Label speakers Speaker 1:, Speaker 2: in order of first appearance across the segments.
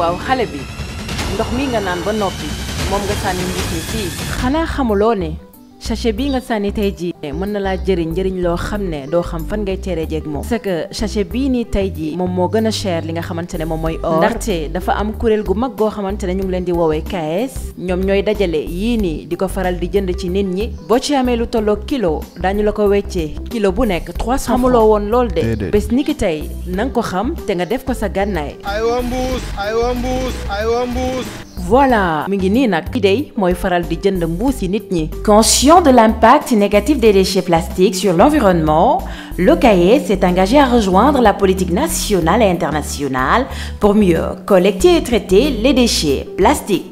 Speaker 1: waaw xale bi ndox mi nga naan ba noppi moom nga sànni nit ñi fii xanaa xamuloo ne sachet bii nga sànni tey jii mën na laa jëriñ njëriñ loo xam ne doo xam fan ngay teeree jeeg moom parce que sachet bii nii tey jii moom moo gën a cher li nga xamante ne moom mooy or ndaxte dafa am kuréel gu mag goo xamante ne ñu ngi leen di woowee KS ñoom ñooy dajale yii nii di ko faral di jënd ci nit ñi boo ci amee lu tolloo kilo daañu la ko weccee kilo bu nekk 300 xamuloo woon lool de bés ni ki tey nanga nga ko xam te nga def ko sa gànnaay
Speaker 2: aywa mbuus mbuus
Speaker 1: voilà faral conscient de l'impact négatif des déchets plastiques sur l'environnement le s'est engagé à rejoindre la politique nationale et internationale pour mieux collecter et traiter les déchets plastiques.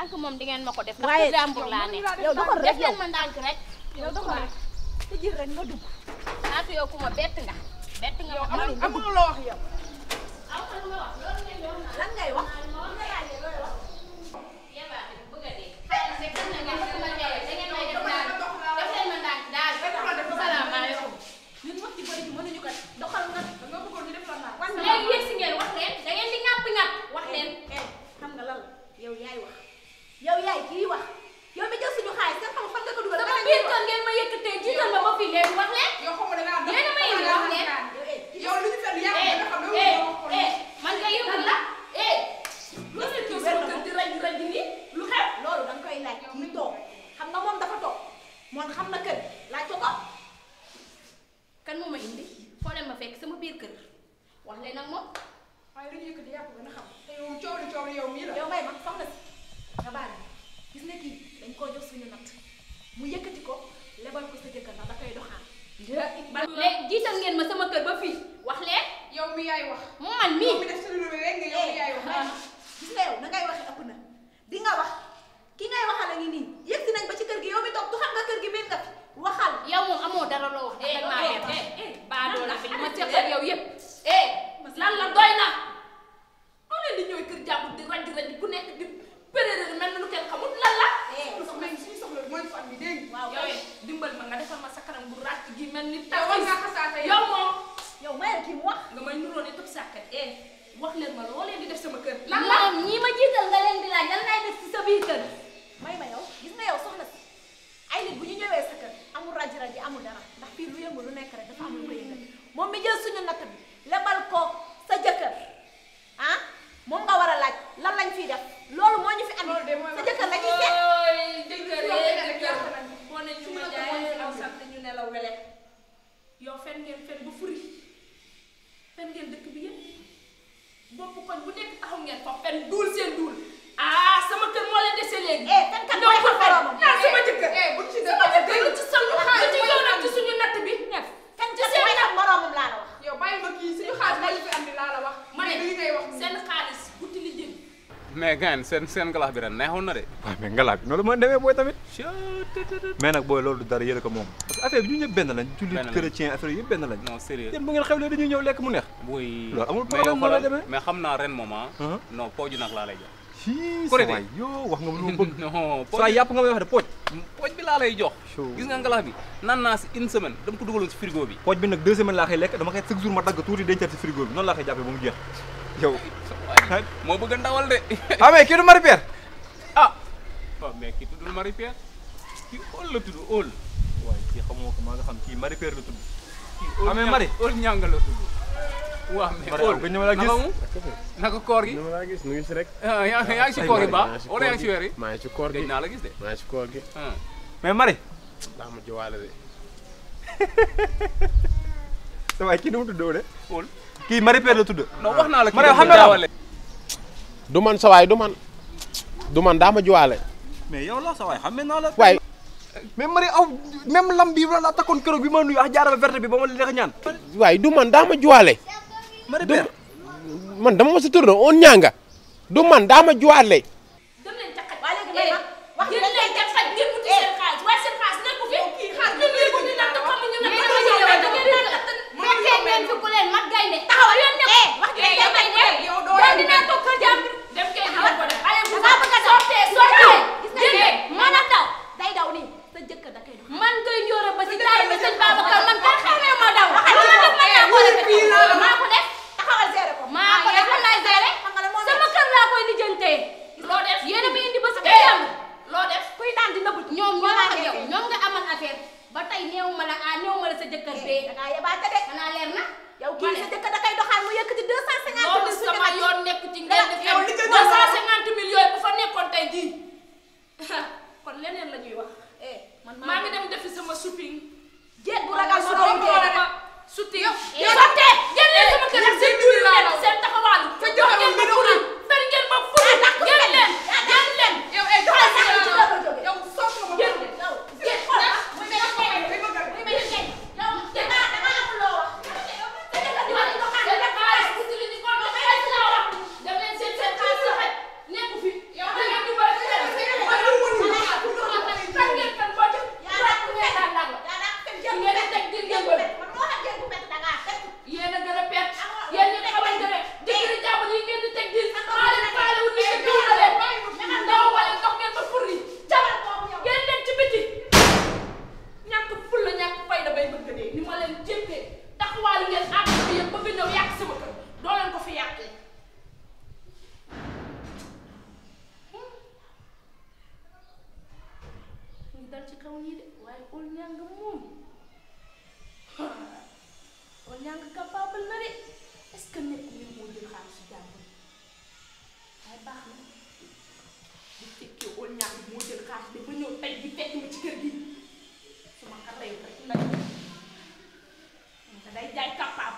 Speaker 1: ank moom di ngeen ma ko def ndax ci jàmbur laa ne yow doxal rek yow ma ndànk rek yow doxal rek ci jël rek nga dugg aatu yow ku ma bett nga bett nga ma amul loo wax yow gi lu xew loolu danga koy laaj mu toog xam nga moom dafa toog moom xam na kër laaj ko ko kan moo ma indi foo leen ma fekk sama biir kër wax leen nag moom waaye lu ñu yëkkati a xam te yow coow gis nga kii dañ mu yëkkati ko lebal ko sa jëkkër ndax dafay ma sama kër ba fii wax leen ¡Gracias! ngeen dëkk bi yëpp bopp koñ bu nekk taxaw ngeen fa fen duul seen duul ah sama kër moo leen dese léegi. eh kan kat mooy ko sama jëkkër eh, sama jëkkër ci suñu
Speaker 2: mais eh, gaan seen seen ngalax bi ren neexoon na de. booy tamit. loolu dara yéen ko moom. parce que affaire bi ñu ñëpp benn lañ. benn lañ jullit chrétien affaire yëpp benn lañ. non sérieux yéen bu ngeen xewlee dañuy ñëw lekk mu neex. booy loolu amul problème mën a demee mais xam naa ren moom ah. Uh-huh. non pooju laa lay jox. korite yow wax nga lu bëgg non soo yàpp nga may wax de pooj pooj bi laa lay jox gis nga ngalax bi nan naa si une semaine dama ko dugaloon si frigo bi pooj bi nag deux semaines laa koy lekk dama koy chaque jour ma dagg tuuti dencaat si frigo bi noonu laa koy jàppee ba mu jeex yow moo bëgg a ndawal de ah mais kii du Marie Pierre ah waaw oh, mais kii tuddul Marie Pierre kii óol la tudd óol waaye kii xamoo ko maa nga xam kii Marie Pierre la tudd amee ah, mari óol ñàng la tudd waaw mais óol ñu ma gis naka gi rek yaa ngi si koor yi maa ngi si koor gi naa la gis de maa ngi ah. mais mari ma jiwaale de sa waay kii nu mu tuddoo kii mari père naa la mari xam na la du man sa waay du man du man daa ma jiwaale mais yow la sa waay xam naa la waay memang mari aw même lam bi wala takon keurog bi ma nuyu kenyang? jaaral verte bi ba ma la neex ñaan way du man dama juwale mari ber man dama on ñanga du man dama juwale
Speaker 1: dem len wax ci seen way seen fi ki ñu ko ko ñu ko ñu tey ma la ah néew ma la sa jëkkër dee. Eh. da ngaa yebaate de. xanaa leer na. yow kii sa jëkkër da kay doxaan mu yëkkati 250. loolu sama yoon nekk ci ngeen def bu fa nekkoon tey jii kon leneen la ñuy wax. Eh, man maa ngi dem sama shopping. jeeg bu ragal ma ay gi tekkiwul ci kër gi suma xar la yow rek la da day jaay kàppaam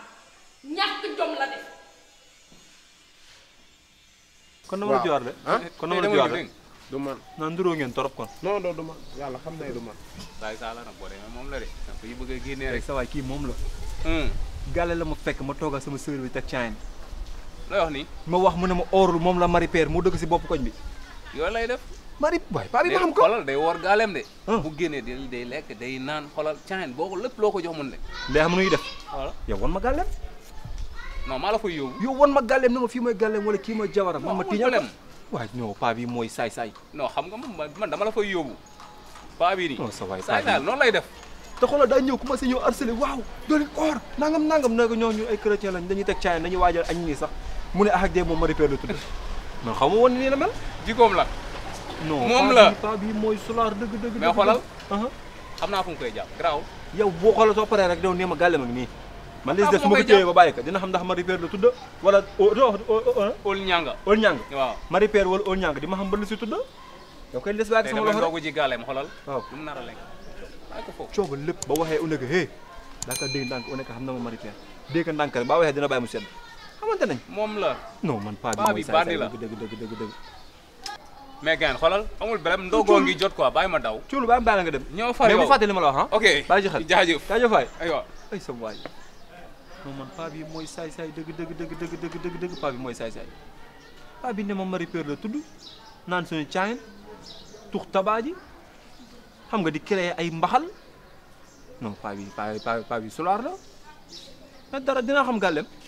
Speaker 1: jom la def
Speaker 2: kon na ma jiwaar de kon na ma jiwaar de du man na torop kon non non yalla xam day mom la de rek sa way ki mom la hmm galé la ma fekk ma toga sama sœur bi tak chain la wax ni ma wax mu ne ma orul mom la mari père mo dëgg ci bop koñ bi lay def bari waay bari ba xam ko xoolal day woor gaaleem de bu ah. génnee di day lekk day naan xoolal caayin boo lépp loo ko jox mun de léegi xam nuy def yow wan ma gaaleem non maa la koy yóbbu yow wan ma gaaleem ne ma fii mooy gaaleem wala kii mooy jawaram man ma tiñal waay non paa bi mooy saay saay noo xam nga moom man dama la koy yóbbu paa bi nii saay daal noonu lay def te xoolal daa ñëw si ñëw harcelé waaw doole or nangam nangam nanga ñoo ñu ay chrétien lañ dañuy teg caayin dañuy waajal añ nii sax mu ne ah ak dee moom ma repère la man xaw ma woon nii la mel jikoom la moom la paa bi mooy sulaar dëgg dëgg mais xoolal xam naa fu mu koy jàpp garaaw yow boo xoolal soo paree rek daw nee ma gàlle mag man li des ah, ma ko ba bàyyi dina xam ndax Marie Pierre la tudd wala ol ñanga ol ñanga waaw Marie Pierre wala ol ñanga di ma xam ba lu si tudd yow koy des baa sama loxo rek doogu ji gàlle ma xoolal a ko foofu lépp ba waxee uneka hé daa ka dégg ndànk xam na ma Marie Pierre dégg ndànk rek baa waxee dina bàyyi mu sedd xamante nañ moom la non man paa bi mooy saay saay dëgg dëgg dëgg dëgg mais gànn xoolal amul benn ndogoo ngi jot quoi baay ma daw. Thioune bàyyi ma daal nga dem. ñoo far yow mais ma la wax ah. xel jaajëf jaajëf ay sama waay non man paa bi mooy say saay dëgg dëgg dëgg dëgg dëgg dëgg dëgg paa mooy saay saay paa ne ma Marie Pierre la tudd naan suñu caayin tux tabaa xam nga di créer ay mbaxal non paa bi sulaar la mais dara dinaa xam gàllem.